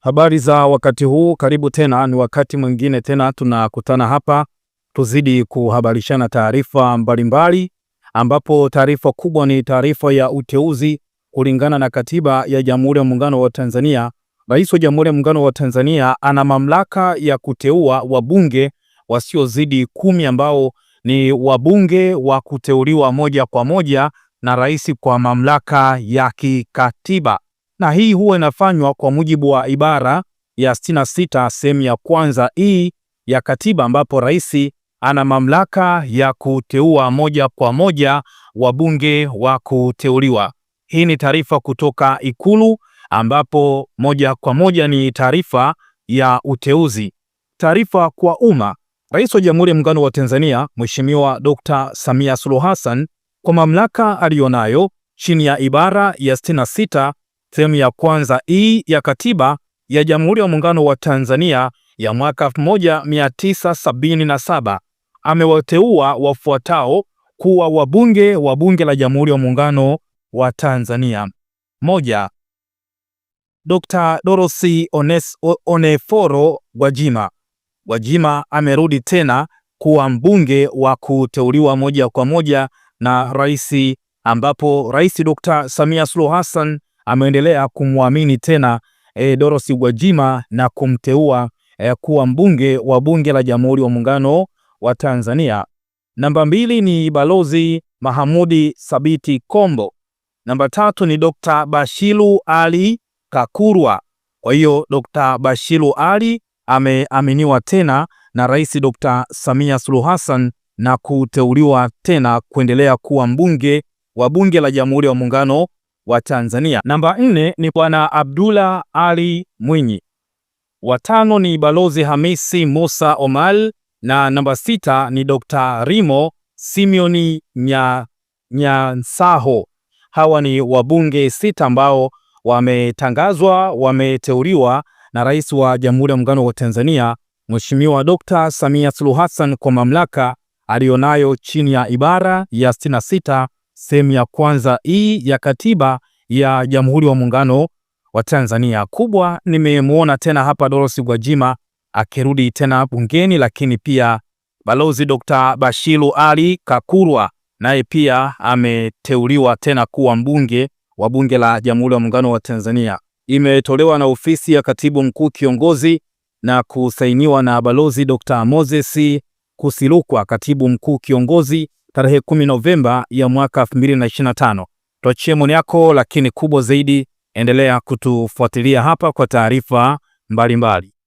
Habari za wakati huu, karibu tena. Ni wakati mwingine tena tunakutana hapa tuzidi kuhabarishana taarifa mbalimbali, ambapo taarifa kubwa ni taarifa ya uteuzi kulingana na katiba ya Jamhuri ya Muungano wa Tanzania. Rais wa Jamhuri ya Muungano wa Tanzania ana mamlaka ya kuteua wabunge wasiozidi kumi ambao ni wabunge wa kuteuliwa moja kwa moja na rais kwa mamlaka ya kikatiba na hii huwa inafanywa kwa mujibu wa ibara ya 66 sehemu ya kwanza i e ya katiba, ambapo rais ana mamlaka ya kuteua moja kwa moja wabunge wa kuteuliwa. Hii ni taarifa kutoka Ikulu, ambapo moja kwa moja ni taarifa ya uteuzi. Taarifa kwa umma. Rais wa Jamhuri ya Muungano wa Tanzania Mheshimiwa Dr. Samia Suluhu Hassan kwa mamlaka aliyonayo chini ya ibara ya 66 sehemu ya kwanza hii ya Katiba ya Jamhuri ya Muungano wa Tanzania ya mwaka 1977 amewateua wafuatao kuwa wabunge wa Bunge la Jamhuri ya Muungano wa Tanzania. Moja, Dr. Dorothy Oneforo Gwajima. Gwajima amerudi tena kuwa mbunge wa kuteuliwa moja kwa moja na rais, ambapo Rais Dr. Samia Suluhu Hassan ameendelea kumwamini tena e, Dorothy Gwajima na kumteua e, kuwa mbunge wa bunge la Jamhuri ya Muungano wa Tanzania. Namba mbili ni Balozi Mahamudi Sabiti Kombo. Namba tatu ni Dr. Bashiru Ali Kakurwa. Kwa hiyo Dr. Bashiru Ali ameaminiwa tena na Rais Dr. Samia Suluhu Hassan na kuteuliwa tena kuendelea kuwa mbunge wa bunge la Jamhuri ya Muungano wa Tanzania. Namba nne ni Bwana Abdullah Ali Mwinyi. Watano ni Balozi Hamisi Musa Omal na namba sita ni Dr. Rimo Simioni Nya, Nyansaho. Hawa ni wabunge sita ambao wametangazwa wameteuliwa na Rais wa Jamhuri ya Muungano wa Tanzania Mheshimiwa Dr. Samia Suluhu Hassan kwa mamlaka aliyonayo chini ya ibara ya 66 sehemu ya kwanza i e ya katiba ya Jamhuri wa Muungano wa Tanzania. Kubwa nimemwona tena hapa Dorothy Gwajima akirudi tena bungeni, lakini pia Balozi Dr. Bashiru Ali Kakurwa naye pia ameteuliwa tena kuwa mbunge wa bunge la Jamhuri ya Muungano wa Tanzania. Imetolewa na ofisi ya Katibu Mkuu Kiongozi na kusainiwa na Balozi Dr. Moses Kusilukwa, Katibu Mkuu Kiongozi tarehe 10 Novemba ya mwaka 2025 tuachie maoni yako, lakini kubwa zaidi, endelea kutufuatilia hapa kwa taarifa mbalimbali.